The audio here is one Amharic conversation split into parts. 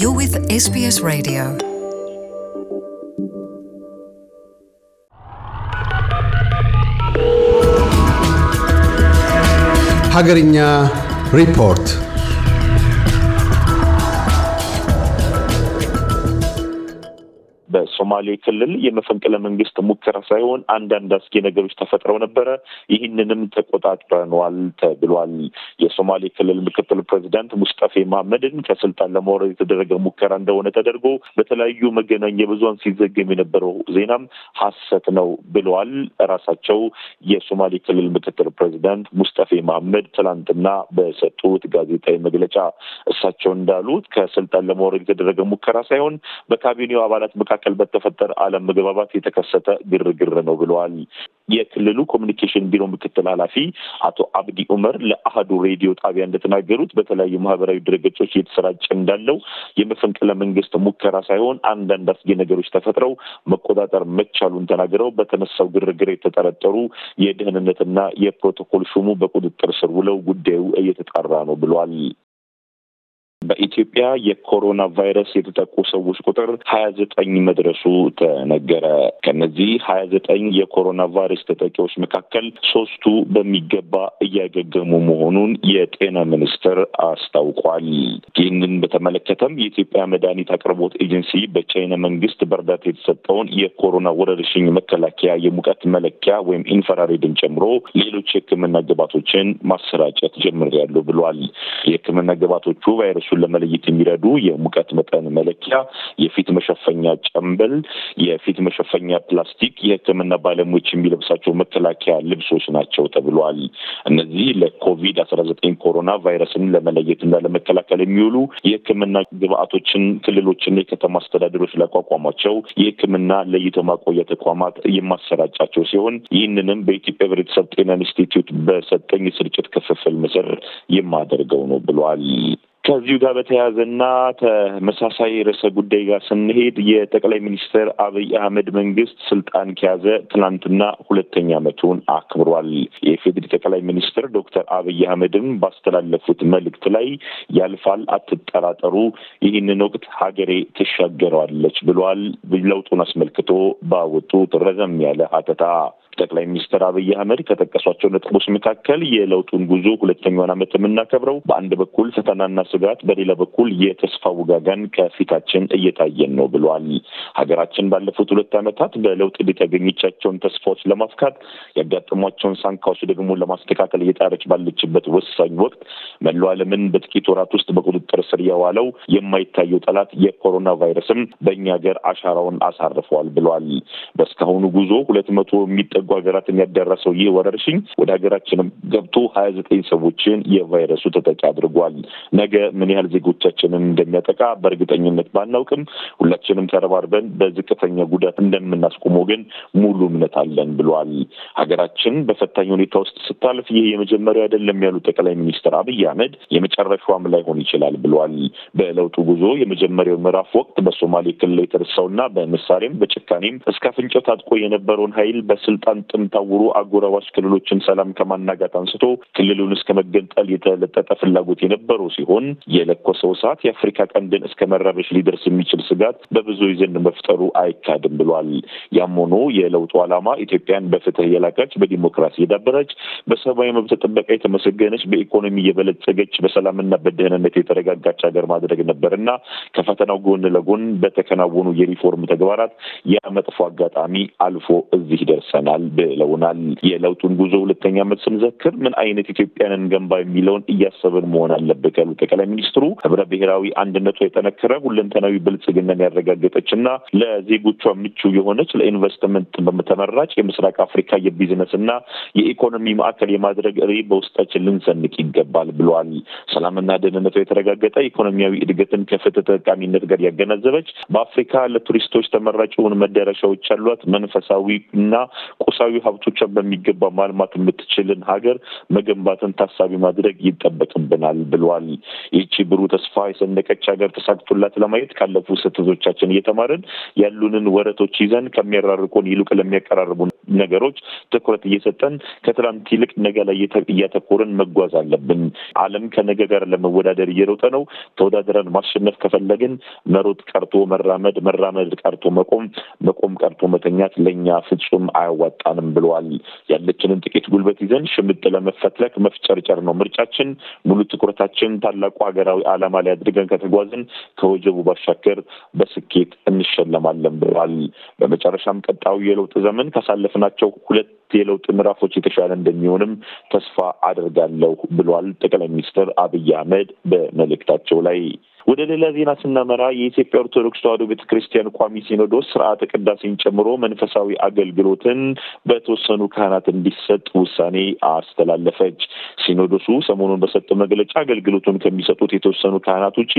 You're with SBS Radio. ሀገርኛ ሪፖርት በሶማሌ ክልል የመፈንቅለ መንግስት ሙከራ ሳይሆን አንዳንድ አስጊ ነገሮች ተፈጥረው ነበረ። ይህንንም ተቆጣጥረነዋል ተብሏል። የሶማሌ ክልል ምክትል ፕሬዚዳንት ሙስጠፌ መሐመድን ከስልጣን ለማውረድ የተደረገ ሙከራ እንደሆነ ተደርጎ በተለያዩ መገናኛ ብዙኃን ሲዘገም የነበረው ዜናም ሀሰት ነው ብለዋል። ራሳቸው የሶማሌ ክልል ምክትል ፕሬዚዳንት ሙስጠፌ መሐመድ ትላንትና በሰጡት ጋዜጣዊ መግለጫ እሳቸው እንዳሉት ከስልጣን ለማውረድ የተደረገ ሙከራ ሳይሆን በካቢኔው አባላት መካከል መካከል በተፈጠረ አለመግባባት የተከሰተ ግርግር ነው ብለዋል። የክልሉ ኮሚኒኬሽን ቢሮ ምክትል ኃላፊ አቶ አብዲ ኡመር ለአህዱ ሬዲዮ ጣቢያ እንደተናገሩት በተለያዩ ማህበራዊ ድረገጾች እየተሰራጨ እንዳለው የመፈንቅለ መንግስት ሙከራ ሳይሆን አንዳንድ አስጊ ነገሮች ተፈጥረው መቆጣጠር መቻሉን ተናግረው በተነሳው ግርግር የተጠረጠሩ የደህንነትና የፕሮቶኮል ሹሙ በቁጥጥር ስር ውለው ጉዳዩ እየተጣራ ነው ብሏል። በኢትዮጵያ የኮሮና ቫይረስ የተጠቁ ሰዎች ቁጥር ሀያ ዘጠኝ መድረሱ ተነገረ። ከነዚህ ሀያ ዘጠኝ የኮሮና ቫይረስ ተጠቂዎች መካከል ሶስቱ በሚገባ እያገገሙ መሆኑን የጤና ሚኒስቴር አስታውቋል። ይህንን በተመለከተም የኢትዮጵያ መድኃኒት አቅርቦት ኤጀንሲ በቻይና መንግስት በእርዳታ የተሰጠውን የኮሮና ወረርሽኝ መከላከያ የሙቀት መለኪያ ወይም ኢንፈራሬድን ጨምሮ ሌሎች የሕክምና ግባቶችን ማሰራጨት ጀምሬያለሁ ብሏል። የሕክምና ግባቶቹ ቫይረሱ አይነቶቹን ለመለየት የሚረዱ የሙቀት መጠን መለኪያ፣ የፊት መሸፈኛ ጨምብል፣ የፊት መሸፈኛ ፕላስቲክ፣ የሕክምና ባለሙያዎች የሚለብሳቸው መከላከያ ልብሶች ናቸው ተብሏል። እነዚህ ለኮቪድ አስራ ዘጠኝ ኮሮና ቫይረስን ለመለየትና ለመከላከል የሚውሉ የሕክምና ግብአቶችን ክልሎችና የከተማ አስተዳደሮች ላቋቋሟቸው የሕክምና ለይቶ ማቆያ ተቋማት የማሰራጫቸው ሲሆን ይህንንም በኢትዮጵያ ሕብረተሰብ ጤና ኢንስቲትዩት በሰጠኝ ስርጭት ክፍፍል ምስር የማደርገው ነው ብሏል። ከዚሁ ጋር በተያያዘና ተመሳሳይ ርዕሰ ጉዳይ ጋር ስንሄድ የጠቅላይ ሚኒስትር አብይ አህመድ መንግስት ስልጣን ከያዘ ትናንትና ሁለተኛ ዓመቱን አክብሯል። የፌዴሪ ጠቅላይ ሚኒስትር ዶክተር አብይ አህመድም ባስተላለፉት መልእክት ላይ ያልፋል፣ አትጠራጠሩ፣ ይህንን ወቅት ሀገሬ ትሻገረዋለች ብሏል። ለውጡን አስመልክቶ ባወጡት ረዘም ያለ ሀተታ ጠቅላይ ሚኒስትር አብይ አህመድ ከጠቀሷቸው ነጥቦች መካከል የለውጡን ጉዞ ሁለተኛውን ዓመት የምናከብረው በአንድ በኩል ፈተናና ስጋት፣ በሌላ በኩል የተስፋ ውጋጋን ከፊታችን እየታየን ነው ብለዋል። ሀገራችን ባለፉት ሁለት ዓመታት በለውጥ ሂደት ያገኘቻቸውን ተስፋዎች ለማፍካት ያጋጠሟቸውን ሳንካዎች ደግሞ ለማስተካከል እየጣረች ባለችበት ወሳኝ ወቅት መላው ዓለምን በጥቂት ወራት ውስጥ በቁጥጥር ስር የዋለው የማይታየው ጠላት የኮሮና ቫይረስም በእኛ ሀገር አሻራውን አሳርፈዋል ብለዋል። በእስካሁኑ ጉዞ ሁለት መቶ የሚጠ በለጉ ሀገራት የሚያዳረሰው ይህ ወረርሽኝ ወደ ሀገራችንም ገብቶ ሀያ ዘጠኝ ሰዎችን የቫይረሱ ተጠቂ አድርጓል። ነገ ምን ያህል ዜጎቻችንን እንደሚያጠቃ በእርግጠኝነት ባናውቅም ሁላችንም ተረባርበን በዝቅተኛ ጉዳት እንደምናስቆመው ግን ሙሉ እምነት አለን ብሏል። ሀገራችን በፈታኝ ሁኔታ ውስጥ ስታልፍ ይህ የመጀመሪያ አይደለም ያሉ ጠቅላይ ሚኒስትር አብይ አህመድ የመጨረሻዋም ላይሆን ይችላል ብሏል። በለውጡ ጉዞ የመጀመሪያው ምዕራፍ ወቅት በሶማሌ ክልል የተነሳውና በመሳሪያም በጭካኔም እስከ አፍንጫው ታጥቆ የነበረውን ኃይል በስልጣን ሰላምጥም ታውሮ አጎራባች ክልሎችን ሰላም ከማናጋት አንስቶ ክልሉን እስከ መገንጠል የተለጠጠ ፍላጎት የነበረው ሲሆን የለኮሰው እሳት የአፍሪካ ቀንድን እስከ መረበሽ ሊደርስ የሚችል ስጋት በብዙ ዘንድ መፍጠሩ አይካድም ብሏል። ያም ሆኖ የለውጡ ዓላማ ኢትዮጵያን በፍትህ የላቀች፣ በዲሞክራሲ የዳበረች፣ በሰብአዊ መብት ጥበቃ የተመሰገነች፣ በኢኮኖሚ የበለጸገች፣ በሰላምና በደህንነት የተረጋጋች ሀገር ማድረግ ነበርና ከፈተናው ጎን ለጎን በተከናወኑ የሪፎርም ተግባራት ያ መጥፎ አጋጣሚ አልፎ እዚህ ደርሰናል ብለውናል። የለውጡን ጉዞ ሁለተኛ ዓመት ስንዘክር ምን አይነት ኢትዮጵያንን ገንባ የሚለውን እያሰብን መሆን አለበት ያሉት ጠቅላይ ሚኒስትሩ ህብረ ብሔራዊ አንድነቷ የጠነከረ ሁለንተናዊ ብልጽግናን ያረጋገጠች እና ለዜጎቿ ምቹ የሆነች ለኢንቨስትመንት በተመራጭ የምስራቅ አፍሪካ የቢዝነስ እና የኢኮኖሚ ማዕከል የማድረግ ሪ በውስጣችን ልንሰንቅ ይገባል ብሏል። ሰላምና ደህንነቷ የተረጋገጠ ኢኮኖሚያዊ እድገትን ከፍትህ ተጠቃሚነት ጋር ያገናዘበች በአፍሪካ ለቱሪስቶች ተመራጭ የሆኑ መዳረሻዎች ያሏት መንፈሳዊ እና ቁስ ቁሳዊ ሀብቶቿን በሚገባ ማልማት የምትችልን ሀገር መገንባትን ታሳቢ ማድረግ ይጠበቅብናል ብሏል። ይቺ ብሩህ ተስፋ የሰነቀች ሀገር ተሳክቶላት ለማየት ካለፉ ስህተቶቻችን እየተማርን ያሉንን ወረቶች ይዘን ከሚያራርቁን ይልቅ ለሚያቀራርቡ ነገሮች ትኩረት እየሰጠን ከትላንት ይልቅ ነገ ላይ እያተኮርን መጓዝ አለብን። ዓለም ከነገ ጋር ለመወዳደር እየሮጠ ነው። ተወዳደረን ማሸነፍ ከፈለግን መሮጥ ቀርቶ መራመድ፣ መራመድ ቀርቶ መቆም፣ መቆም ቀርቶ መተኛት ለእኛ ፍጹም አያዋጣ አልበቃንም ብለዋል። ያለችንን ጥቂት ጉልበት ይዘን ሽምጥ ለመፈትለክ መፍጨርጨር ነው ምርጫችን። ሙሉ ትኩረታችን ታላቁ ሀገራዊ ዓላማ ላይ አድርገን ከተጓዝን ከወጀቡ ባሻገር በስኬት እንሸለማለን ብለዋል። በመጨረሻም ቀጣዩ የለውጥ ዘመን ካሳለፍናቸው ሁለት የለውጥ ምዕራፎች የተሻለ እንደሚሆንም ተስፋ አድርጋለሁ ብሏል ጠቅላይ ሚኒስትር አብይ አህመድ በመልእክታቸው ላይ። ወደ ሌላ ዜና ስናመራ የኢትዮጵያ ኦርቶዶክስ ተዋሕዶ ቤተ ክርስቲያን ቋሚ ሲኖዶስ ስርዓተ ቅዳሴን ጨምሮ መንፈሳዊ አገልግሎትን በተወሰኑ ካህናት እንዲሰጥ ውሳኔ አስተላለፈች። ሲኖዶሱ ሰሞኑን በሰጠው መግለጫ አገልግሎቱን ከሚሰጡት የተወሰኑ ካህናት ውጪ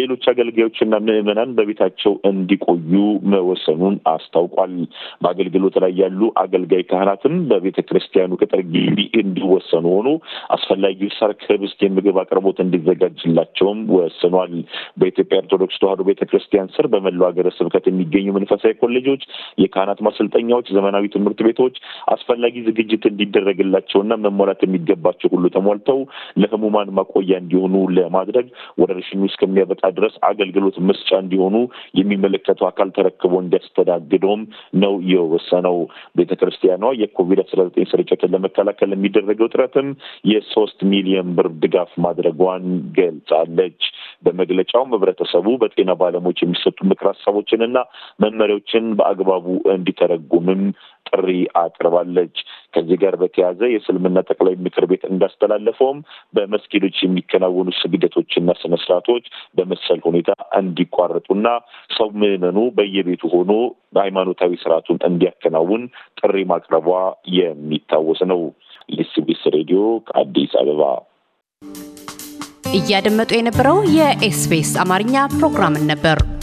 ሌሎች አገልጋዮችና ምዕመናን በቤታቸው እንዲቆዩ መወሰኑን አስታውቋል። በአገልግሎት ላይ ያሉ አገልጋይ ካህናት በመንግስትም በቤተ ክርስቲያኑ ቅጥር ግቢ እንዲወሰኑ ሆኑ አስፈላጊው ሳር ከህብስት የምግብ አቅርቦት እንዲዘጋጅላቸውም ወስኗል። በኢትዮጵያ ኦርቶዶክስ ተዋህዶ ቤተ ክርስቲያን ስር በመላው ሀገረ ስብከት የሚገኙ መንፈሳዊ ኮሌጆች፣ የካህናት ማሰልጠኛዎች፣ ዘመናዊ ትምህርት ቤቶች አስፈላጊ ዝግጅት እንዲደረግላቸውና መሟላት የሚገባቸው ሁሉ ተሟልተው ለህሙማን ማቆያ እንዲሆኑ ለማድረግ ወረርሽኙ እስከሚያበቃ ድረስ አገልግሎት መስጫ እንዲሆኑ የሚመለከተው አካል ተረክቦ እንዲያስተዳግደውም ነው የወሰነው ቤተ ክርስቲያኗ የኮቪድ አስራ ዘጠኝ ስርጭትን ለመከላከል የሚደረገው ጥረትም የሶስት ሚሊዮን ብር ድጋፍ ማድረጓን ገልጻለች። በመግለጫውም ህብረተሰቡ በጤና ባለሙያዎች የሚሰጡ ምክር ሀሳቦችን እና መመሪያዎችን በአግባቡ እንዲተረጉምም ጥሪ አቅርባለች። ከዚህ ጋር በተያያዘ የእስልምና ጠቅላይ ምክር ቤት እንዳስተላለፈውም በመስጊዶች የሚከናወኑ ስግደቶችና ስነስርዓቶች በመሰል ሁኔታ እንዲቋረጡና ሰው ምዕመኑ በየቤቱ ሆኖ ሃይማኖታዊ ስርዓቱን እንዲያከናውን ጥሪ ማቅረቧ የሚታወስ ነው። የኤስቢኤስ ሬዲዮ ከአዲስ አበባ እያደመጡ የነበረው የኤስቢኤስ አማርኛ ፕሮግራምን ነበር።